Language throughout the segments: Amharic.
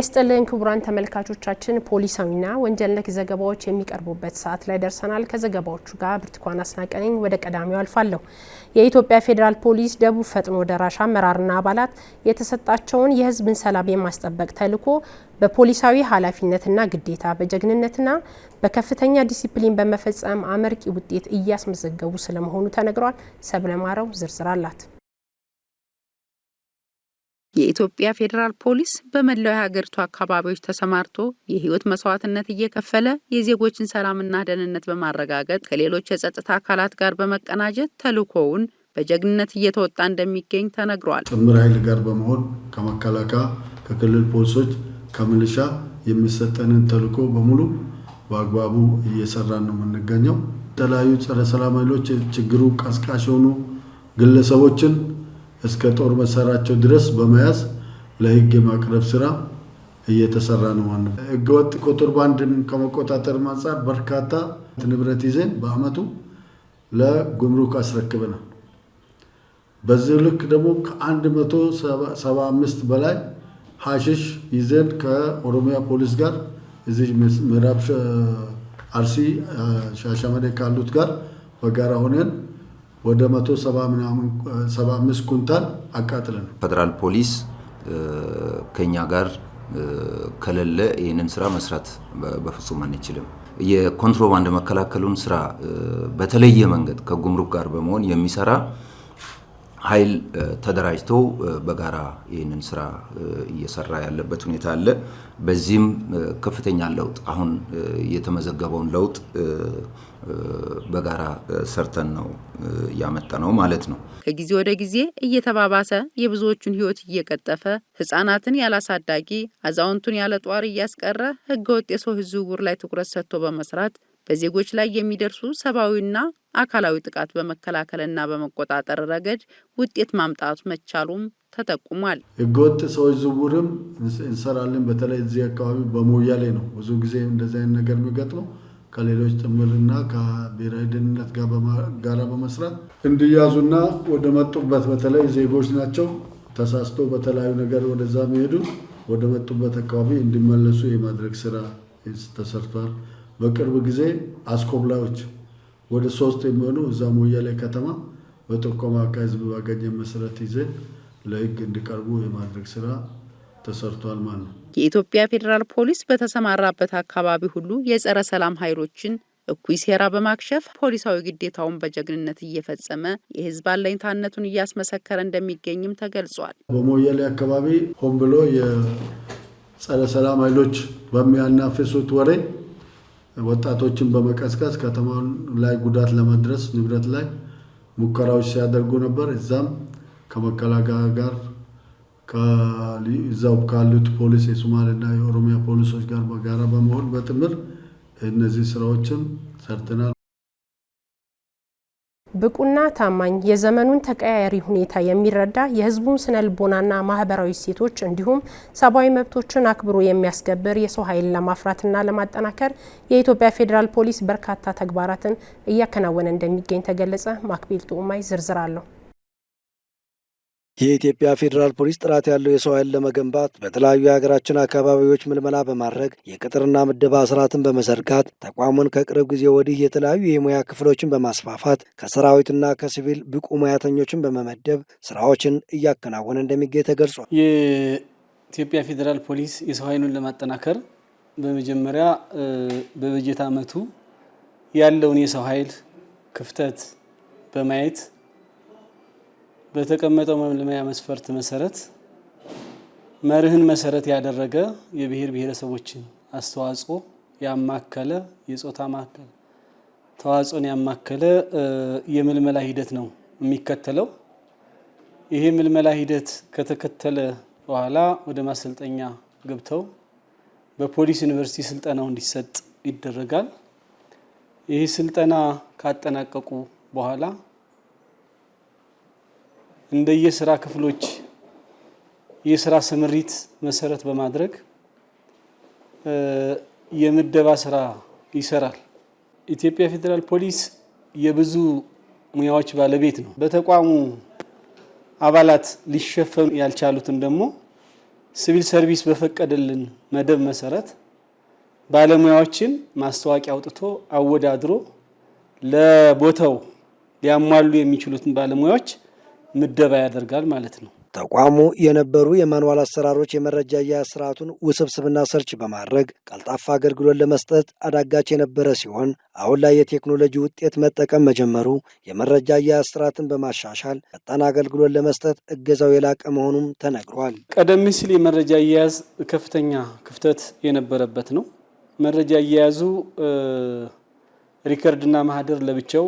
ይስጥልን ክቡራን ተመልካቾቻችን፣ ፖሊሳዊና ወንጀል ነክ ዘገባዎች የሚቀርቡበት ሰዓት ላይ ደርሰናል። ከዘገባዎቹ ጋር ብርቱካን አስናቀኝ። ወደ ቀዳሚው አልፋለሁ። የኢትዮጵያ ፌዴራል ፖሊስ ደቡብ ፈጥኖ ደራሽ አመራርና አባላት የተሰጣቸውን የሕዝብን ሰላም የማስጠበቅ ተልዕኮ በፖሊሳዊ ኃላፊነትና ግዴታ በጀግንነትና በከፍተኛ ዲሲፕሊን በመፈጸም አመርቂ ውጤት እያስመዘገቡ ስለመሆኑ ተነግሯል። ሰብለማረው ዝርዝር አላት። የኢትዮጵያ ፌዴራል ፖሊስ በመላው የሀገሪቱ አካባቢዎች ተሰማርቶ የህይወት መስዋዕትነት እየከፈለ የዜጎችን ሰላምና ደህንነት በማረጋገጥ ከሌሎች የጸጥታ አካላት ጋር በመቀናጀት ተልዕኮውን በጀግንነት እየተወጣ እንደሚገኝ ተነግሯል። ጥምር ኃይል ጋር በመሆን ከመከላከያ፣ ከክልል ፖሊሶች፣ ከሚሊሻ የሚሰጠንን ተልዕኮ በሙሉ በአግባቡ እየሰራን ነው የምንገኘው። የተለያዩ ጸረ ሰላም ኃይሎች ችግሩ ቀስቃሽ የሆኑ ግለሰቦችን እስከ ጦር መሳሪያቸው ድረስ በመያዝ ለህግ የማቅረብ ስራ እየተሰራ ነው ማለት ነው። ህገወጥ ኮንትሮባንድን ከመቆጣጠር አንጻር በርካታ ንብረት ይዘን በአመቱ ለጉምሩክ አስረክበናል። በዚህ ልክ ደግሞ ከ175 በላይ ሀሽሽ ይዘን ከኦሮሚያ ፖሊስ ጋር እዚህ ምዕራብ አርሲ ሻሸመኔ ካሉት ጋር በጋራ ሆነን ወደ 175 ኩንታል ነው። ፌዴራል ፖሊስ ከኛ ጋር ከሌለ ይህንን ስራ መስራት በፍጹም አንችልም። የኮንትሮባንድ መከላከሉን ስራ በተለየ መንገድ ከጉምሩክ ጋር በመሆን የሚሰራ ኃይል ተደራጅቶ በጋራ ይህንን ስራ እየሰራ ያለበት ሁኔታ አለ። በዚህም ከፍተኛ ለውጥ አሁን የተመዘገበውን ለውጥ በጋራ ሰርተን ነው እያመጣ ነው ማለት ነው። ከጊዜ ወደ ጊዜ እየተባባሰ የብዙዎቹን ህይወት እየቀጠፈ ህጻናትን ያላሳዳጊ አዛውንቱን ያለ ጧሪ እያስቀረ ህገወጥ የሰው ዝውውር ላይ ትኩረት ሰጥቶ በመስራት በዜጎች ላይ የሚደርሱ ሰብአዊና አካላዊ ጥቃት በመከላከልና በመቆጣጠር ረገድ ውጤት ማምጣት መቻሉም ተጠቁሟል። ህገወጥ ሰዎች ዝውውርም እንሰራለን። በተለይ እዚህ አካባቢ በሞያሌ ነው ብዙ ጊዜ እንደዚህ አይነት ነገር የሚገጥመው ከሌሎች ጥምርና ከብሔራዊ ደህንነት ጋር በመስራት እንዲያዙና ወደ መጡበት በተለይ ዜጎች ናቸው ተሳስቶ በተለያዩ ነገር ወደዛ መሄዱ ወደ መጡበት አካባቢ እንዲመለሱ የማድረግ ስራ ተሰርቷል። በቅርብ ጊዜ አስኮብላዮች ወደ ሶስት የሚሆኑ እዛ ሞያሌ ከተማ በጥቆማ ከህዝብ ባገኘ መሰረት ይዘን ለህግ እንዲቀርቡ የማድረግ ስራ ተሰርቷል ማለት ነው። የኢትዮጵያ ፌዴራል ፖሊስ በተሰማራበት አካባቢ ሁሉ የጸረ ሰላም ኃይሎችን እኩይ ሴራ በማክሸፍ ፖሊሳዊ ግዴታውን በጀግንነት እየፈጸመ የህዝብ አለኝታነቱን እያስመሰከረ እንደሚገኝም ተገልጿል። በሞያሌ አካባቢ ሆን ብሎ የጸረ ሰላም ኃይሎች በሚያናፍሱት ወሬ ወጣቶችን በመቀስቀስ ከተማን ላይ ጉዳት ለማድረስ ንብረት ላይ ሙከራዎች ሲያደርጉ ነበር። እዛም ከመከላከያ ጋር እዛው ካሉት ፖሊስ የሶማሌና የኦሮሚያ ፖሊሶች ጋር በጋራ በመሆን በጥምር እነዚህ ስራዎችን ሰርተናል። ብቁና ታማኝ የዘመኑን ተቀያያሪ ሁኔታ የሚረዳ የህዝቡን ስነ ልቦናና ማህበራዊ እሴቶች እንዲሁም ሰብአዊ መብቶችን አክብሮ የሚያስከብር የሰው ኃይል ለማፍራትና ለማጠናከር የኢትዮጵያ ፌዴራል ፖሊስ በርካታ ተግባራትን እያከናወነ እንደሚገኝ ተገለጸ። ማክቤል ጡዑማይ ዝርዝር አለው። የኢትዮጵያ ፌዴራል ፖሊስ ጥራት ያለው የሰው ኃይል ለመገንባት በተለያዩ የሀገራችን አካባቢዎች ምልመላ በማድረግ የቅጥርና ምደባ ስርዓትን በመዘርጋት ተቋሙን ከቅርብ ጊዜ ወዲህ የተለያዩ የሙያ ክፍሎችን በማስፋፋት ከሰራዊትና ከሲቪል ብቁ ሙያተኞችን በመመደብ ስራዎችን እያከናወነ እንደሚገኝ ተገልጿል። የኢትዮጵያ ፌዴራል ፖሊስ የሰው ኃይሉን ለማጠናከር በመጀመሪያ በበጀት ዓመቱ ያለውን የሰው ኃይል ክፍተት በማየት በተቀመጠው መምለሚያ መስፈርት መሰረት መርህን መሰረት ያደረገ የብሔር ብሔረሰቦችን አስተዋጽኦ ያማከለ የጾታ ማከል ተዋጽኦን ያማከለ የምልመላ ሂደት ነው የሚከተለው። ይሄ ምልመላ ሂደት ከተከተለ በኋላ ወደ ማሰልጠኛ ገብተው በፖሊስ ዩኒቨርሲቲ ስልጠናው እንዲሰጥ ይደረጋል። ይህ ስልጠና ካጠናቀቁ በኋላ እንደየስራ ክፍሎች የስራ ስምሪት መሰረት በማድረግ የምደባ ስራ ይሰራል። ኢትዮጵያ ፌዴራል ፖሊስ የብዙ ሙያዎች ባለቤት ነው። በተቋሙ አባላት ሊሸፈኑ ያልቻሉትን ደግሞ ሲቪል ሰርቪስ በፈቀደልን መደብ መሰረት ባለሙያዎችን ማስታወቂያ አውጥቶ አወዳድሮ ለቦታው ሊያሟሉ የሚችሉትን ባለሙያዎች ምደባ ያደርጋል ማለት ነው። ተቋሙ የነበሩ የማንዋል አሰራሮች የመረጃ አያያዝ ስርዓቱን ውስብስብና ሰርች በማድረግ ቀልጣፋ አገልግሎት ለመስጠት አዳጋች የነበረ ሲሆን አሁን ላይ የቴክኖሎጂ ውጤት መጠቀም መጀመሩ የመረጃ አያያዝ ስርዓትን በማሻሻል ፈጣን አገልግሎት ለመስጠት እገዛው የላቀ መሆኑም ተነግሯል። ቀደም ሲል የመረጃ አያያዝ ከፍተኛ ክፍተት የነበረበት ነው። መረጃ አያያዙ ሪከርድና ማህደር ለብቻው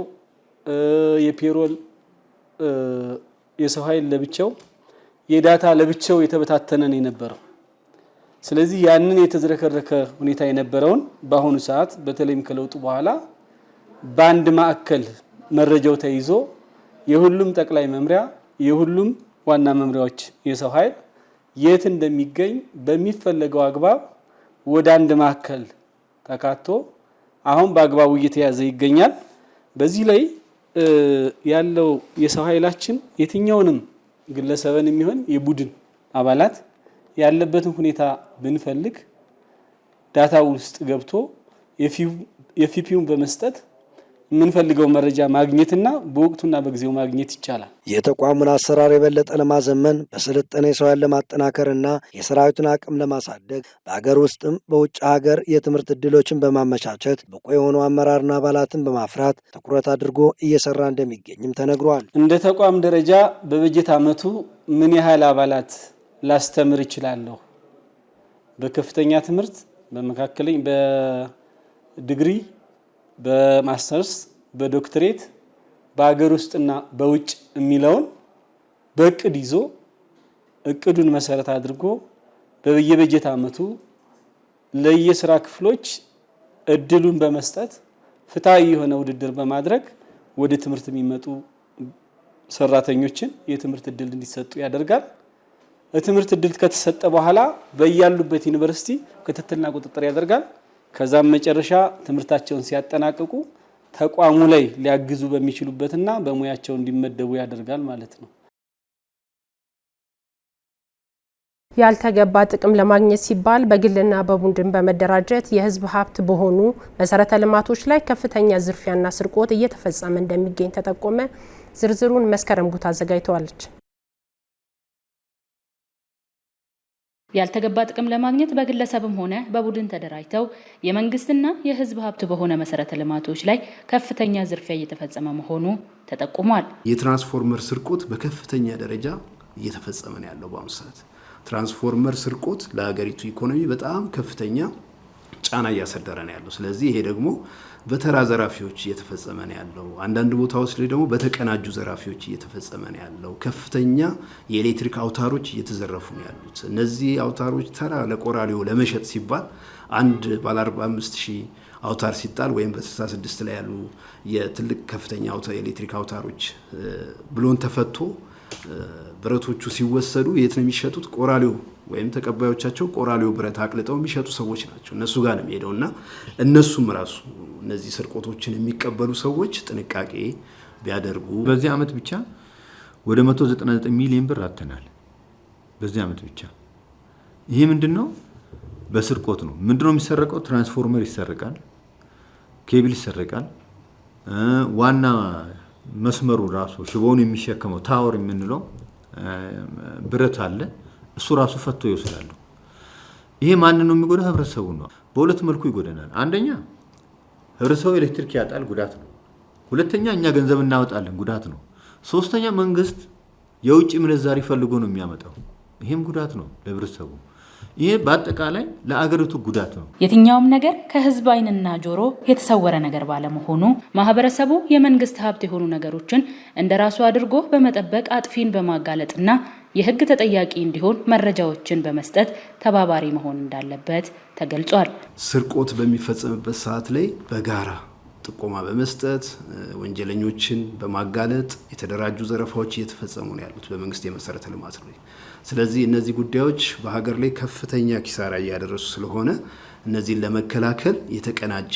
የፔሮል የሰው ኃይል ለብቻው፣ የዳታ ለብቻው የተበታተነ ነው የነበረው። ስለዚህ ያንን የተዝረከረከ ሁኔታ የነበረውን በአሁኑ ሰዓት በተለይም ከለውጡ በኋላ በአንድ ማዕከል መረጃው ተይዞ የሁሉም ጠቅላይ መምሪያ የሁሉም ዋና መምሪያዎች የሰው ኃይል የት እንደሚገኝ በሚፈለገው አግባብ ወደ አንድ ማዕከል ተካቶ አሁን በአግባቡ እየተያዘ ይገኛል። በዚህ ላይ ያለው የሰው ኃይላችን የትኛውንም ግለሰብን የሚሆን የቡድን አባላት ያለበትን ሁኔታ ብንፈልግ ዳታ ውስጥ ገብቶ የፊፒውን በመስጠት የምንፈልገው መረጃ ማግኘትና በወቅቱና በጊዜው ማግኘት ይቻላል። የተቋሙን አሰራር የበለጠ ለማዘመን በስልጠነ የሰው ኃይል ለማጠናከርና የሰራዊቱን አቅም ለማሳደግ በሀገር ውስጥም በውጭ ሀገር የትምህርት እድሎችን በማመቻቸት ብቁ የሆኑ አመራርና አባላትን በማፍራት ትኩረት አድርጎ እየሰራ እንደሚገኝም ተነግሯል። እንደ ተቋም ደረጃ በበጀት ዓመቱ ምን ያህል አባላት ላስተምር እችላለሁ? በከፍተኛ ትምህርት በመካከለኝ በድግሪ በማስተርስ በዶክትሬት በሀገር ውስጥና በውጭ የሚለውን በእቅድ ይዞ እቅዱን መሰረት አድርጎ በየበጀት ዓመቱ ለየስራ ክፍሎች እድሉን በመስጠት ፍትሐዊ የሆነ ውድድር በማድረግ ወደ ትምህርት የሚመጡ ሰራተኞችን የትምህርት እድል እንዲሰጡ ያደርጋል። የትምህርት እድል ከተሰጠ በኋላ በያሉበት ዩኒቨርሲቲ ክትትልና ቁጥጥር ያደርጋል። ከዛም መጨረሻ ትምህርታቸውን ሲያጠናቅቁ ተቋሙ ላይ ሊያግዙ በሚችሉበትና በሙያቸው እንዲመደቡ ያደርጋል ማለት ነው። ያልተገባ ጥቅም ለማግኘት ሲባል በግልና በቡድን በመደራጀት የሕዝብ ሀብት በሆኑ መሰረተ ልማቶች ላይ ከፍተኛ ዝርፊያና ስርቆት እየተፈጸመ እንደሚገኝ ተጠቆመ። ዝርዝሩን መስከረም ጉት አዘጋጅተዋለች። ያልተገባ ጥቅም ለማግኘት በግለሰብም ሆነ በቡድን ተደራጅተው የመንግስትና የህዝብ ሀብት በሆነ መሰረተ ልማቶች ላይ ከፍተኛ ዝርፊያ እየተፈጸመ መሆኑ ተጠቁሟል። የትራንስፎርመር ስርቆት በከፍተኛ ደረጃ እየተፈጸመ ነው ያለው በአሁኑ ሰዓት። ትራንስፎርመር ስርቆት ለሀገሪቱ ኢኮኖሚ በጣም ከፍተኛ ጫና እያሳደረ ነው ያለው። ስለዚህ ይሄ ደግሞ በተራ ዘራፊዎች እየተፈጸመ ነው ያለው። አንዳንድ ቦታዎች ላይ ደግሞ በተቀናጁ ዘራፊዎች እየተፈጸመ ነው ያለው። ከፍተኛ የኤሌክትሪክ አውታሮች እየተዘረፉ ነው ያሉት። እነዚህ አውታሮች ተራ ለቆራሪው ለመሸጥ ሲባል አንድ ባለ 45 ሺህ አውታር ሲጣል ወይም በ66 ላይ ያሉ የትልቅ ከፍተኛ ኤሌክትሪክ አውታሮች ብሎን ተፈቶ ብረቶቹ ሲወሰዱ የት ነው የሚሸጡት? ቆራሌው ወይም ተቀባዮቻቸው ቆራሌው ብረት አቅልጠው የሚሸጡ ሰዎች ናቸው። እነሱ ጋር ነው የሚሄደው እና እነሱም ራሱ እነዚህ ስርቆቶችን የሚቀበሉ ሰዎች ጥንቃቄ ቢያደርጉ። በዚህ ዓመት ብቻ ወደ 199 ሚሊዮን ብር አተናል። በዚህ ዓመት ብቻ ይሄ ምንድን ነው? በስርቆት ነው። ምንድን ነው የሚሰረቀው? ትራንስፎርመር ይሰረቃል፣ ኬብል ይሰረቃል፣ ዋና መስመሩ ራሱ ሽቦውን የሚሸከመው ታወር የምንለው ብረት አለ። እሱ ራሱ ፈቶ ይወስዳሉ። ይሄ ማንን ነው የሚጎዳ? ህብረተሰቡ ነው። በሁለት መልኩ ይጎዳናል። አንደኛ ህብረተሰቡ ኤሌክትሪክ ያጣል፣ ጉዳት ነው። ሁለተኛ እኛ ገንዘብ እናወጣለን፣ ጉዳት ነው። ሶስተኛ መንግስት የውጭ ምንዛሪ ፈልጎ ነው የሚያመጣው፣ ይህም ጉዳት ነው ለህብረተሰቡ። ይህ በአጠቃላይ ለአገሪቱ ጉዳት ነው። የትኛውም ነገር ከህዝብ አይንና ጆሮ የተሰወረ ነገር ባለመሆኑ ማህበረሰቡ የመንግስት ሀብት የሆኑ ነገሮችን እንደ ራሱ አድርጎ በመጠበቅ አጥፊን በማጋለጥና የህግ ተጠያቂ እንዲሆን መረጃዎችን በመስጠት ተባባሪ መሆን እንዳለበት ተገልጿል። ስርቆት በሚፈጸምበት ሰዓት ላይ በጋራ ጥቆማ በመስጠት ወንጀለኞችን በማጋለጥ የተደራጁ ዘረፋዎች እየተፈጸሙ ነው ያሉት በመንግስት የመሰረተ ልማት ላይ። ስለዚህ እነዚህ ጉዳዮች በሀገር ላይ ከፍተኛ ኪሳራ እያደረሱ ስለሆነ እነዚህን ለመከላከል የተቀናጀ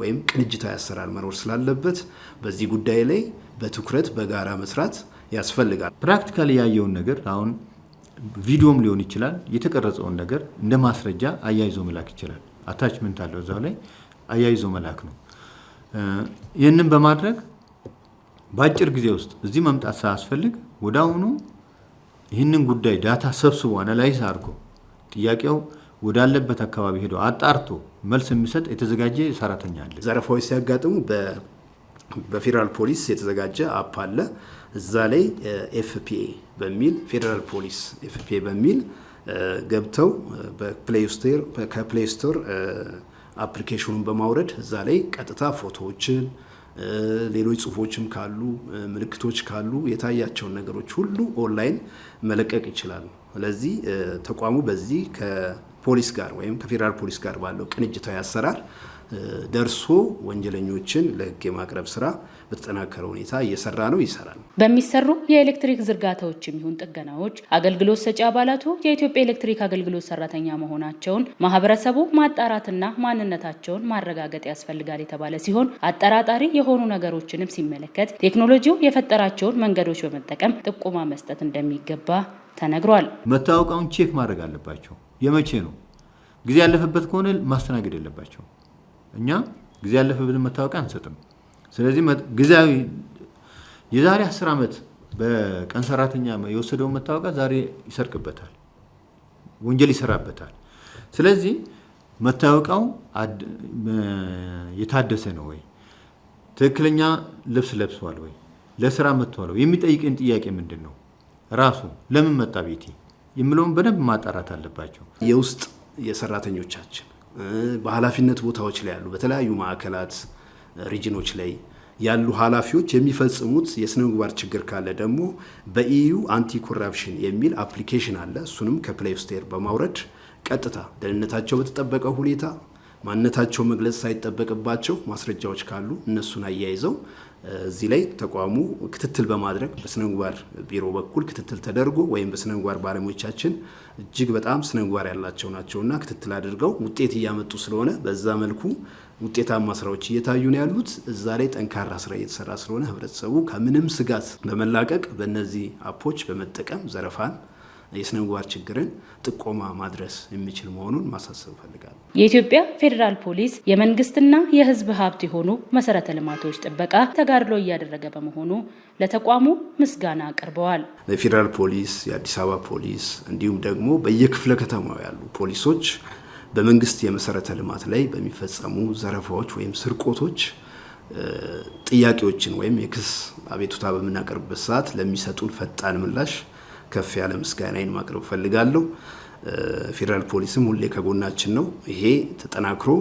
ወይም ቅንጅታዊ አሰራር መኖር ስላለበት በዚህ ጉዳይ ላይ በትኩረት በጋራ መስራት ያስፈልጋል። ፕራክቲካሊ ያየውን ነገር አሁን ቪዲዮም ሊሆን ይችላል። የተቀረጸውን ነገር እንደ ማስረጃ አያይዞ መላክ ይችላል። አታችመንት አለው እዛው ላይ አያይዞ መላክ ነው። ይህንን በማድረግ በአጭር ጊዜ ውስጥ እዚህ መምጣት ሳያስፈልግ ወደ አሁኑ ይህንን ጉዳይ ዳታ ሰብስቦ አናላይዝ አድርጎ ጥያቄው ወዳለበት አካባቢ ሄዶ አጣርቶ መልስ የሚሰጥ የተዘጋጀ ሰራተኛ አለ። ዘረፋዎች ሲያጋጥሙ በፌዴራል ፖሊስ የተዘጋጀ አፕ አለ። እዛ ላይ ኤፍፒኤ በሚል ፌዴራል ፖሊስ ኤፍፒኤ በሚል ገብተው ከፕሌይ ስቶር አፕሊኬሽኑን በማውረድ እዛ ላይ ቀጥታ ፎቶዎችን፣ ሌሎች ጽሁፎችም ካሉ ምልክቶች ካሉ የታያቸውን ነገሮች ሁሉ ኦንላይን መለቀቅ ይችላሉ። ስለዚህ ተቋሙ በዚህ ከፖሊስ ጋር ወይም ከፌዴራል ፖሊስ ጋር ባለው ቅንጅታዊ አሰራር ደርሶ ወንጀለኞችን ለሕግ የማቅረብ ስራ በተጠናከረ ሁኔታ እየሰራ ነው፣ ይሰራል። በሚሰሩ የኤሌክትሪክ ዝርጋታዎች የሚሆን ጥገናዎች አገልግሎት ሰጪ አባላቱ የኢትዮጵያ ኤሌክትሪክ አገልግሎት ሰራተኛ መሆናቸውን ማህበረሰቡ ማጣራትና ማንነታቸውን ማረጋገጥ ያስፈልጋል የተባለ ሲሆን አጠራጣሪ የሆኑ ነገሮችንም ሲመለከት ቴክኖሎጂው የፈጠራቸውን መንገዶች በመጠቀም ጥቆማ መስጠት እንደሚገባ ተነግሯል። መታወቂያውን ቼክ ማድረግ አለባቸው። የመቼ ነው ጊዜ ያለፈበት ከሆነ ማስተናገድ የለባቸው። እኛ ጊዜ ያለፈበትን መታወቂያ አንሰጥም። ስለዚህ ጊዜያዊ የዛሬ አስር ዓመት በቀን ሰራተኛ የወሰደውን መታወቂያ ዛሬ ይሰርቅበታል፣ ወንጀል ይሰራበታል። ስለዚህ መታወቂያው የታደሰ ነው ወይ? ትክክለኛ ልብስ ለብሷል ወይ? ለስራ መጥቷል ወይ? የሚጠይቅን ጥያቄ ምንድን ነው? ራሱ ለምን መጣ ቤቴ የሚለውን በደንብ ማጣራት አለባቸው። የውስጥ የሰራተኞቻችን በኃላፊነት ቦታዎች ላይ ያሉ በተለያዩ ማዕከላት ሪጅኖች ላይ ያሉ ኃላፊዎች የሚፈጽሙት የስነ ምግባር ችግር ካለ ደግሞ በኢዩ አንቲ ኮራፕሽን የሚል አፕሊኬሽን አለ። እሱንም ከፕሌይ በማውረድ ቀጥታ ደህንነታቸው በተጠበቀ ሁኔታ ማንነታቸው መግለጽ ሳይጠበቅባቸው ማስረጃዎች ካሉ እነሱን አያይዘው እዚህ ላይ ተቋሙ ክትትል በማድረግ በስነ ምግባር ቢሮ በኩል ክትትል ተደርጎ ወይም በስነ ምግባር ባለሙያዎቻችን እጅግ በጣም ስነ ምግባር ያላቸው ናቸውና ክትትል አድርገው ውጤት እያመጡ ስለሆነ በዛ መልኩ ውጤታማ ስራዎች እየታዩ ነው ያሉት። እዛ ላይ ጠንካራ ስራ እየተሰራ ስለሆነ ህብረተሰቡ ከምንም ስጋት በመላቀቅ በእነዚህ አፖች በመጠቀም ዘረፋን የስነ ምግባር ችግርን ጥቆማ ማድረስ የሚችል መሆኑን ማሳሰብ እፈልጋለሁ። የኢትዮጵያ ፌዴራል ፖሊስ የመንግስትና የህዝብ ሀብት የሆኑ መሰረተ ልማቶች ጥበቃ ተጋድሎ እያደረገ በመሆኑ ለተቋሙ ምስጋና አቅርበዋል። የፌዴራል ፖሊስ፣ የአዲስ አበባ ፖሊስ እንዲሁም ደግሞ በየክፍለ ከተማው ያሉ ፖሊሶች በመንግስት የመሰረተ ልማት ላይ በሚፈጸሙ ዘረፋዎች ወይም ስርቆቶች ጥያቄዎችን ወይም የክስ አቤቱታ በምናቀርብበት ሰዓት ለሚሰጡን ፈጣን ምላሽ ከፍ ያለ ምስጋናዬን ማቅረብ እፈልጋለሁ። ፌዴራል ፖሊስም ሁሌ ከጎናችን ነው። ይሄ ተጠናክሮ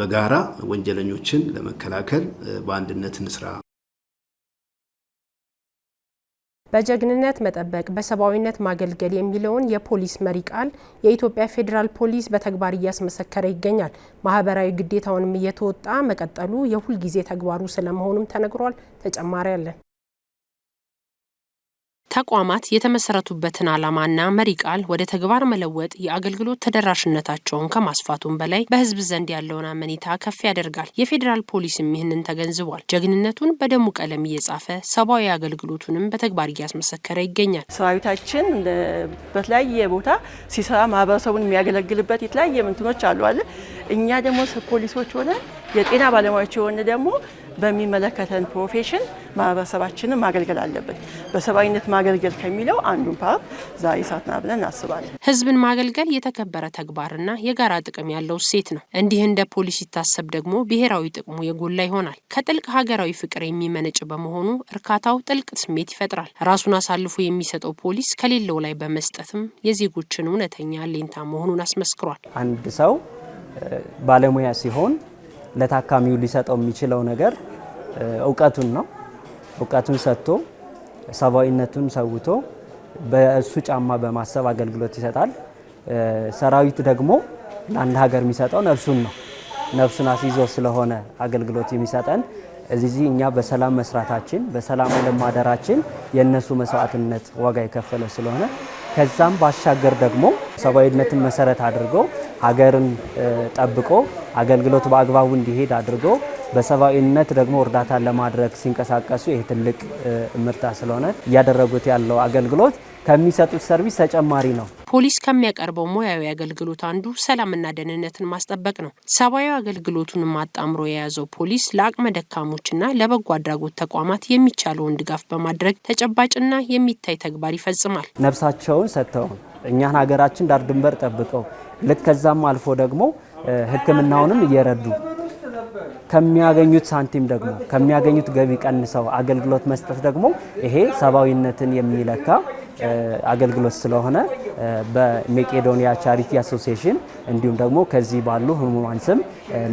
በጋራ ወንጀለኞችን ለመከላከል በአንድነት እንስራ። በጀግንነት መጠበቅ በሰብአዊነት ማገልገል የሚለውን የፖሊስ መሪ ቃል የኢትዮጵያ ፌዴራል ፖሊስ በተግባር እያስመሰከረ ይገኛል። ማህበራዊ ግዴታውንም እየተወጣ መቀጠሉ የሁልጊዜ ተግባሩ ስለመሆኑም ተነግሯል። ተጨማሪ አለን። ተቋማት የተመሰረቱበትን ዓላማና መሪ ቃል ወደ ተግባር መለወጥ የአገልግሎት ተደራሽነታቸውን ከማስፋቱም በላይ በህዝብ ዘንድ ያለውን አመኔታ ከፍ ያደርጋል። የፌዴራል ፖሊስም ይህንን ተገንዝቧል። ጀግንነቱን በደሙ ቀለም እየጻፈ ሰብአዊ አገልግሎቱንም በተግባር እያስመሰከረ ይገኛል። ሰራዊታችን በተለያየ ቦታ ሲሰራ ማህበረሰቡን የሚያገለግልበት የተለያየ ምንትኖች አሉ አለ እኛ ደግሞ ፖሊሶች ሆነ የጤና ባለሙያዎች የሆነ ደግሞ በሚመለከተን ፕሮፌሽን ማህበረሰባችንን ማገልገል አለብን። በሰብአዊነት ማገልገል ከሚለው አንዱን ፓርት ዛሬ ሳትና ብለን እናስባለን። ህዝብን ማገልገል የተከበረ ተግባርና የጋራ ጥቅም ያለው እሴት ነው። እንዲህ እንደ ፖሊስ ሲታሰብ ደግሞ ብሔራዊ ጥቅሙ የጎላ ይሆናል። ከጥልቅ ሀገራዊ ፍቅር የሚመነጭ በመሆኑ እርካታው ጥልቅ ስሜት ይፈጥራል። ራሱን አሳልፎ የሚሰጠው ፖሊስ ከሌለው ላይ በመስጠትም የዜጎችን እውነተኛ ሌንታ መሆኑን አስመስክሯል። አንድ ሰው ባለሙያ ሲሆን ለታካሚው ሊሰጠው የሚችለው ነገር እውቀቱን ነው። እውቀቱን ሰጥቶ ሰብአዊነቱን ሰውቶ በእሱ ጫማ በማሰብ አገልግሎት ይሰጣል። ሰራዊት ደግሞ ለአንድ ሀገር የሚሰጠው ነፍሱን ነው። ነፍሱን አስይዞ ስለሆነ አገልግሎት የሚሰጠን እዚህ እኛ በሰላም መስራታችን በሰላም ለማደራችን የእነሱ መስዋዕትነት ዋጋ የከፈለ ስለሆነ ከዛም ባሻገር ደግሞ ሰብአዊነትን መሰረት አድርጎ ሀገርን ጠብቆ አገልግሎት በአግባቡ እንዲሄድ አድርጎ በሰብአዊነት ደግሞ እርዳታን ለማድረግ ሲንቀሳቀሱ ይሄ ትልቅ ምርታ ስለሆነ እያደረጉት ያለው አገልግሎት ከሚሰጡት ሰርቪስ ተጨማሪ ነው። ፖሊስ ከሚያቀርበው ሙያዊ አገልግሎት አንዱ ሰላምና ደህንነትን ማስጠበቅ ነው። ሰብአዊ አገልግሎቱንም አጣምሮ የያዘው ፖሊስ ለአቅመ ደካሞችና ለበጎ አድራጎት ተቋማት የሚቻለውን ድጋፍ በማድረግ ተጨባጭና የሚታይ ተግባር ይፈጽማል። ነፍሳቸውን ሰጥተው እኛን ሀገራችን ዳር ድንበር ጠብቀው ልክ ከዛም አልፎ ደግሞ ሕክምናውንም እየረዱ ከሚያገኙት ሳንቲም ደግሞ ከሚያገኙት ገቢ ቀንሰው አገልግሎት መስጠት ደግሞ ይሄ ሰብአዊነትን የሚለካ አገልግሎት ስለሆነ በሜቄዶኒያ ቻሪቲ አሶሲሽን እንዲሁም ደግሞ ከዚህ ባሉ ህሙማን ስም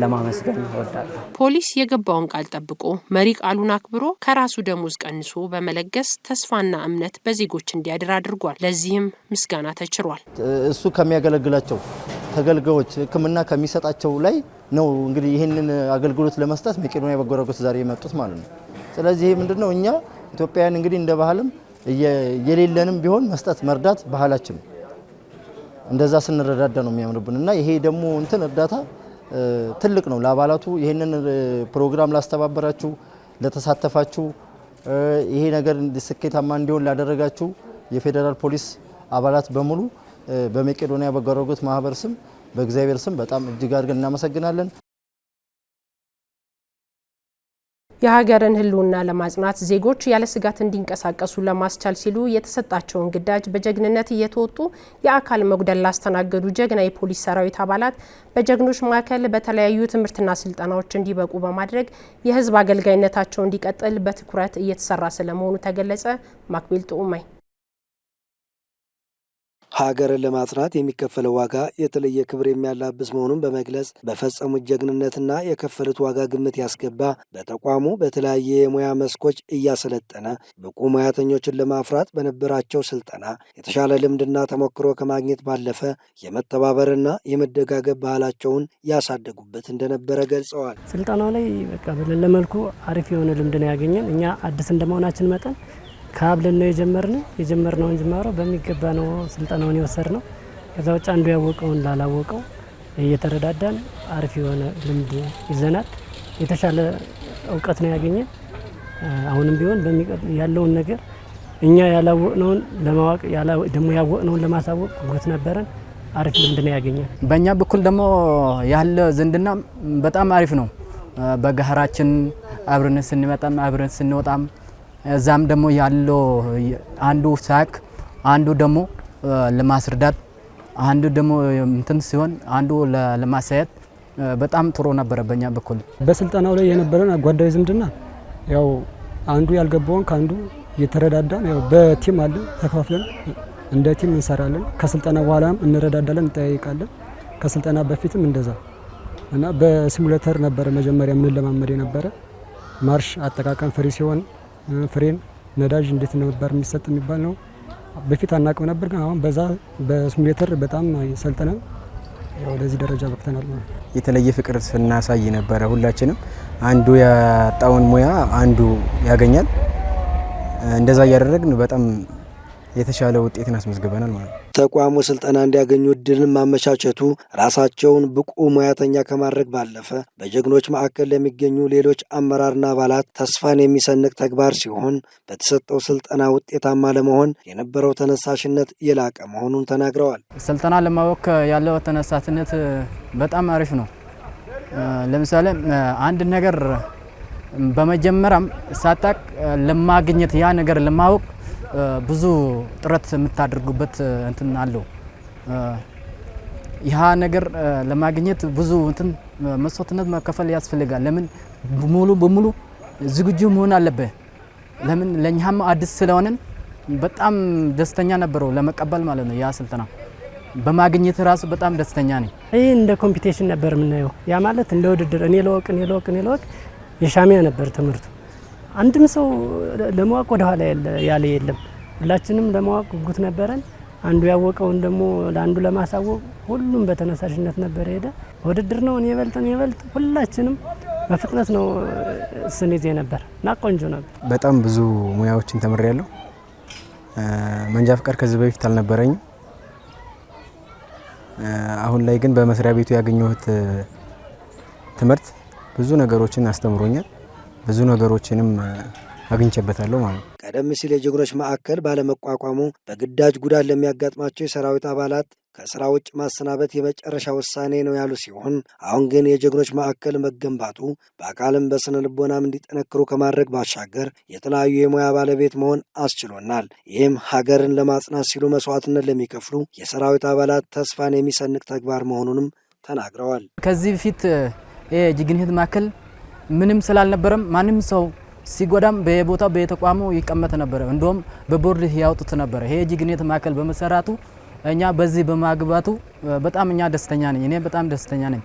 ለማመስገን እወዳለሁ። ፖሊስ የገባውን ቃል ጠብቆ መሪ ቃሉን አክብሮ ከራሱ ደሞዝ ቀንሶ በመለገስ ተስፋና እምነት በዜጎች እንዲያድር አድርጓል። ለዚህም ምስጋና ተችሯል። እሱ ከሚያገለግላቸው ተገልጋዮች ሕክምና ከሚሰጣቸው ላይ ነው እንግዲህ ይህንን አገልግሎት ለመስጠት መቄዶንያ በጎ አድራጎት ዛሬ የመጡት ማለት ነው። ስለዚህ ምንድነው እኛ ኢትዮጵያውያን እንግዲህ እንደ ባህልም የሌለንም ቢሆን መስጠት መርዳት ባህላችን እንደዛ ስንረዳዳ ነው የሚያምርብን እና ይሄ ደግሞ እንትን እርዳታ ትልቅ ነው ለአባላቱ። ይህንን ፕሮግራም ላስተባበራችሁ፣ ለተሳተፋችሁ፣ ይሄ ነገር ስኬታማ እንዲሆን ላደረጋችሁ የፌዴራል ፖሊስ አባላት በሙሉ በመቄዶንያ በጎ አድራጎት ማህበር ስም በእግዚአብሔር ስም በጣም እጅግ አድርገን እናመሰግናለን። የሀገርን ህልውና ለማጽናት ዜጎች ያለ ስጋት እንዲንቀሳቀሱ ለማስቻል ሲሉ የተሰጣቸውን ግዳጅ በጀግንነት እየተወጡ የአካል መጉደል ላስተናገዱ ጀግና የፖሊስ ሰራዊት አባላት በጀግኖች ማዕከል በተለያዩ ትምህርትና ስልጠናዎች እንዲበቁ በማድረግ የህዝብ አገልጋይነታቸው እንዲቀጥል በትኩረት እየተሰራ ስለመሆኑ ተገለጸ። ማክቤል ጥዑማይ ሀገርን ለማጽናት የሚከፈለው ዋጋ የተለየ ክብር የሚያላብስ መሆኑን በመግለጽ በፈጸሙት ጀግንነትና የከፈሉት ዋጋ ግምት ያስገባ በተቋሙ በተለያየ የሙያ መስኮች እያሰለጠነ ብቁ ሙያተኞችን ለማፍራት በነበራቸው ስልጠና የተሻለ ልምድና ተሞክሮ ከማግኘት ባለፈ የመተባበርና የመደጋገብ ባህላቸውን ያሳደጉበት እንደነበረ ገልጸዋል። ስልጠናው ላይ በቃ በሌለ መልኩ አሪፍ የሆነ ልምድ ነው ያገኘን። እኛ አዲስ እንደመሆናችን መጠን ከአብለን ነው የጀመርን የጀመርነውን ጅማሮ በሚገባ ነው ስልጠናውን የወሰድ ነው። ከዛ ውጭ አንዱ ያወቀውን ላላወቀው እየተረዳዳን አሪፍ የሆነ ልምድ ይዘናል። የተሻለ እውቀት ነው ያገኘ። አሁንም ቢሆን ያለውን ነገር እኛ ያላወቅነውን ለማወቅ ደግሞ ያወቅነውን ለማሳወቅ ጉጉት ነበረን። አሪፍ ልምድ ነው ያገኘ። በእኛ በኩል ደግሞ ያለ ዝንድና በጣም አሪፍ ነው። በጋራችን አብረን ስንመጣም አብረን ስንወጣም እዛም ደግሞ ያለው አንዱ ሳክ አንዱ ደግሞ ለማስረዳት አንዱ ደግሞ እንትን ሲሆን አንዱ ለማሳየት በጣም ጥሩ ነበረ። በእኛ በኩል በስልጠናው ላይ የነበረን ጓዳዊ ዝምድና ያው አንዱ ያልገባውን ከአንዱ እየተረዳዳን ያው በቲም አለ ተከፋፍለን እንደ ቲም እንሰራለን። ከስልጠና በኋላም እንረዳዳለን፣ እንጠያይቃለን። ከስልጠና በፊትም እንደዛ እና በሲሙሌተር ነበረ መጀመሪያ የምንለማመድ የነበረ ማርሽ አጠቃቀም ፍሪ ሲሆን ፍሬን፣ ነዳጅ እንዴት ነበር የሚሰጥ የሚባል ነው። በፊት አናውቅም ነበር፣ ግን አሁን በዛ በሱ በጣም ሰልጥነን ወደዚህ ደረጃ በቅተናል። የተለየ ፍቅር ስናሳይ ነበረ። ሁላችንም አንዱ ያጣውን ሙያ አንዱ ያገኛል። እንደዛ እያደረግን በጣም የተሻለ ውጤትን አስመዝግበናል ማለት ነው። ተቋሙ ስልጠና እንዲያገኙ እድልን ማመቻቸቱ ራሳቸውን ብቁ ሙያተኛ ከማድረግ ባለፈ በጀግኖች ማዕከል ለሚገኙ ሌሎች አመራርና አባላት ተስፋን የሚሰንቅ ተግባር ሲሆን በተሰጠው ስልጠና ውጤታማ ለመሆን የነበረው ተነሳሽነት የላቀ መሆኑን ተናግረዋል። ስልጠና ለማወቅ ያለው ተነሳሽነት በጣም አሪፍ ነው። ለምሳሌ አንድ ነገር በመጀመሪያም ሳጣቅ ለማግኘት ያ ነገር ለማወቅ ብዙ ጥረት የምታደርጉበት እንትን አለው። ይህ ነገር ለማግኘት ብዙ እንትን መስዋዕትነት መከፈል ያስፈልጋል። ለምን ሙሉ በሙሉ ዝግጁ መሆን አለበት። ለምን ለእኛም አዲስ ስለሆነን በጣም ደስተኛ ነበረው ለመቀበል ማለት ነው። ያ ስልጠና በማግኘት ራሱ በጣም ደስተኛ ነኝ። ይህ እንደ ኮምፒቴሽን ነበር የምናየው። ያ ማለት እንደ ውድድር እኔ ለወቅ እኔ ለወቅ እኔ ለወቅ የሻሚያ ነበር ትምህርቱ አንድም ሰው ለማወቅ ወደኋላ ያለ የለም። ሁላችንም ለማወቅ ጉጉት ነበረን። አንዱ ያወቀውን ደግሞ ለአንዱ ለማሳወቅ ሁሉም በተነሳሽነት ነበር ሄደ። ውድድር ነው። እኔ በልጥ እኔ በልጥ ሁላችንም በፍጥነት ነው ስንይዜ ነበር እና ቆንጆ ነበር። በጣም ብዙ ሙያዎችን ተምሬያለሁ። መንጃ ፍቃድ ከዚህ በፊት አልነበረኝም። አሁን ላይ ግን በመስሪያ ቤቱ ያገኘሁት ትምህርት ብዙ ነገሮችን አስተምሮኛል። ብዙ ነገሮችንም አግኝቼበታለሁ ማለት ነው። ቀደም ሲል የጀግኖች ማዕከል ባለመቋቋሙ በግዳጅ ጉዳት ለሚያጋጥማቸው የሰራዊት አባላት ከስራ ውጭ ማሰናበት የመጨረሻ ውሳኔ ነው ያሉ ሲሆን አሁን ግን የጀግኖች ማዕከል መገንባቱ በአካልም በስነ ልቦናም እንዲጠነክሩ ከማድረግ ባሻገር የተለያዩ የሙያ ባለቤት መሆን አስችሎናል። ይህም ሀገርን ለማጽናት ሲሉ መስዋዕትነት ለሚከፍሉ የሰራዊት አባላት ተስፋን የሚሰንቅ ተግባር መሆኑንም ተናግረዋል። ከዚህ በፊት የጀግንነት ማዕከል ምንም ስላልነበረም ማንም ሰው ሲጎዳም በየቦታው በየተቋሙ ይቀመጥ ነበረ። እንዲሁም በቦርድ ያውጡት ነበረ። ይሄ ጅግኔት ማዕከል በመሰራቱ እኛ በዚህ በማግባቱ በጣም እኛ ደስተኛ ነኝ። እኔ በጣም ደስተኛ ነኝ።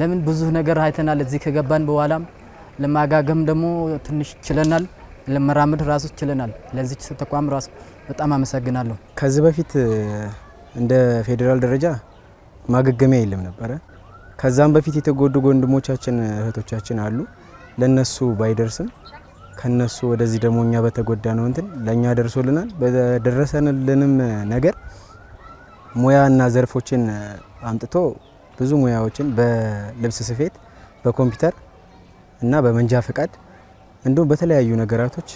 ለምን ብዙ ነገር አይተናል። እዚህ ከገባን በኋላም ለማጋገም ደግሞ ትንሽ ችለናል። ለመራመድ ራሱ ችለናል። ለዚህ ተቋም ራሱ በጣም አመሰግናለሁ። ከዚህ በፊት እንደ ፌዴራል ደረጃ ማገገሚያ የለም ነበረ ከዛም በፊት የተጎዱ ወንድሞቻችን እህቶቻችን አሉ። ለነሱ ባይደርስም ከነሱ ወደዚህ ደግሞ እኛ በተጎዳ ነው እንትን ለእኛ ደርሶልናል። በደረሰንልንም ነገር ሙያና ዘርፎችን አምጥቶ ብዙ ሙያዎችን በልብስ ስፌት፣ በኮምፒውተር እና በመንጃ ፈቃድ እንዲሁም በተለያዩ ነገራቶች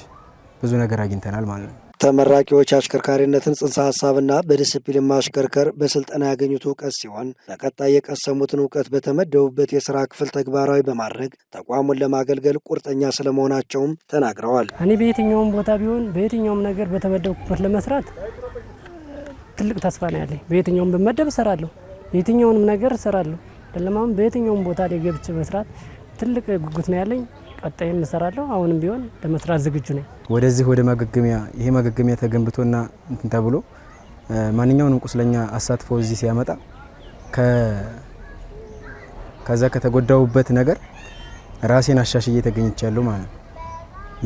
ብዙ ነገር አግኝተናል ማለት ነው። ተመራቂዎች አሽከርካሪነትን ጽንሰ ሀሳብና በዲስፕሊን ማሽከርከር በስልጠና ያገኙት እውቀት ሲሆን በቀጣይ የቀሰሙትን እውቀት በተመደቡበት የስራ ክፍል ተግባራዊ በማድረግ ተቋሙን ለማገልገል ቁርጠኛ ስለመሆናቸውም ተናግረዋል። እኔ በየትኛውም ቦታ ቢሆን በየትኛውም ነገር በተመደብኩበት ለመስራት ትልቅ ተስፋ ነው ያለኝ። በየትኛውም ብመደብ እሰራለሁ፣ የትኛውንም ነገር እሰራለሁ። ለማም በየትኛውም ቦታ ላይ ገብቼ መስራት ትልቅ ጉጉት ነው ያለኝ። ቀጣይም እሰራለሁ። አሁንም ቢሆን ለመስራት ዝግጁ ነኝ። ወደዚህ ወደ ማገገሚያ ይሄ ማገገሚያ ተገንብቶና እንትን ተብሎ ማንኛውንም ቁስለኛ አሳትፎ እዚህ ሲያመጣ ከዛ ከተጎዳውበት ነገር ራሴን አሻሽዬ ተገኝቻለሁ ማለት ነው።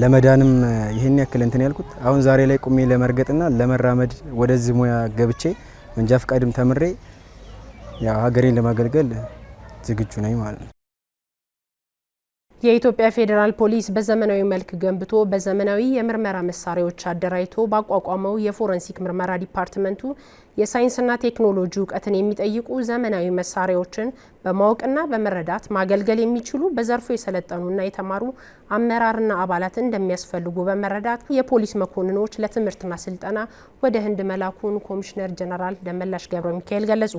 ለመዳንም ይህን ያክል እንትን ያልኩት አሁን ዛሬ ላይ ቁሜ ለመርገጥና ለመራመድ ወደዚህ ሙያ ገብቼ መንጃ ፍቃድም ተምሬ ያው ሀገሬን ለማገልገል ዝግጁ ነኝ ማለት ነው። የኢትዮጵያ ፌዴራል ፖሊስ በዘመናዊ መልክ ገንብቶ በዘመናዊ የምርመራ መሳሪያዎች አደራጅቶ ባቋቋመው የፎረንሲክ ምርመራ ዲፓርትመንቱ የሳይንስና ቴክኖሎጂ እውቀትን የሚጠይቁ ዘመናዊ መሳሪያዎችን በማወቅና በመረዳት ማገልገል የሚችሉ በዘርፉ የሰለጠኑና የተማሩ አመራርና አባላት እንደሚያስፈልጉ በመረዳት የፖሊስ መኮንኖች ለትምህርትና ስልጠና ወደ ህንድ መላኩን ኮሚሽነር ጀነራል ደመላሽ ገብረ ሚካኤል ገለጹ።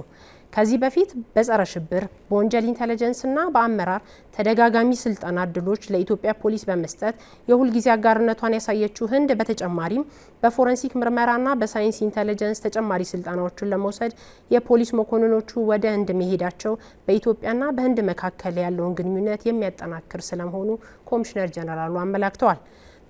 ከዚህ በፊት በጸረ ሽብር፣ በወንጀል ኢንተለጀንስና በአመራር ተደጋጋሚ ስልጠና እድሎች ለኢትዮጵያ ፖሊስ በመስጠት የሁልጊዜ አጋርነቷን ያሳየችው ህንድ በተጨማሪም በፎረንሲክ ምርመራና በሳይንስ ኢንተለጀንስ ተጨማሪ ስልጠና ስልጠናዎችን ለመውሰድ የፖሊስ መኮንኖቹ ወደ ህንድ መሄዳቸው በኢትዮጵያና በህንድ መካከል ያለውን ግንኙነት የሚያጠናክር ስለመሆኑ ኮሚሽነር ጀነራሉ አመላክተዋል።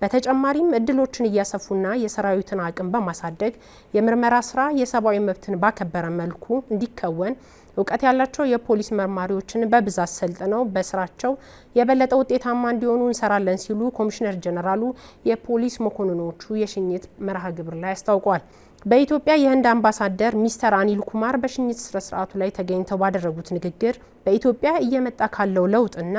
በተጨማሪም እድሎችን እያሰፉና የሰራዊትን አቅም በማሳደግ የምርመራ ስራ የሰብአዊ መብትን ባከበረ መልኩ እንዲከወን እውቀት ያላቸው የፖሊስ መርማሪዎችን በብዛት ሰልጥነው በስራቸው የበለጠ ውጤታማ እንዲሆኑ እንሰራለን ሲሉ ኮሚሽነር ጀነራሉ የፖሊስ መኮንኖቹ የሽኝት መርሃ ግብር ላይ አስታውቋል። በኢትዮጵያ የህንድ አምባሳደር ሚስተር አኒል ኩማር በሽኝት ስነ ስርዓቱ ላይ ተገኝተው ባደረጉት ንግግር በኢትዮጵያ እየመጣ ካለው ለውጥና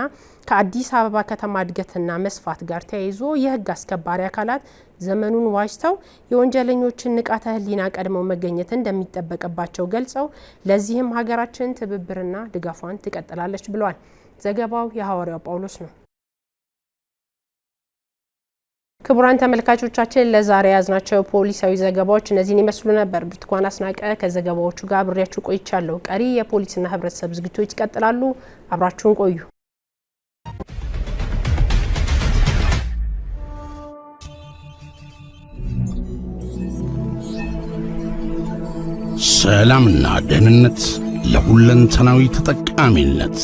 ከአዲስ አበባ ከተማ እድገትና መስፋት ጋር ተያይዞ የህግ አስከባሪ አካላት ዘመኑን ዋጅተው የወንጀለኞችን ንቃተ ህሊና ቀድመው መገኘት እንደሚጠበቅባቸው ገልጸው ለዚህም ሀገራችን ትብብርና ድጋፏን ትቀጥላለች ብለዋል። ዘገባው የሐዋርያው ጳውሎስ ነው። ክቡራን ተመልካቾቻችን ለዛሬ ያዝናቸው ፖሊሳዊ ዘገባዎች እነዚህን ይመስሉ ነበር። ብርቱካን አስናቀ ከዘገባዎቹ ጋር ብሬያችሁ ቆይቻለሁ። ቀሪ የፖሊስና ህብረተሰብ ዝግጅቶች ይቀጥላሉ። አብራችሁን ቆዩ። ሰላምና ደህንነት ለሁለንተናዊ ተጠቃሚነት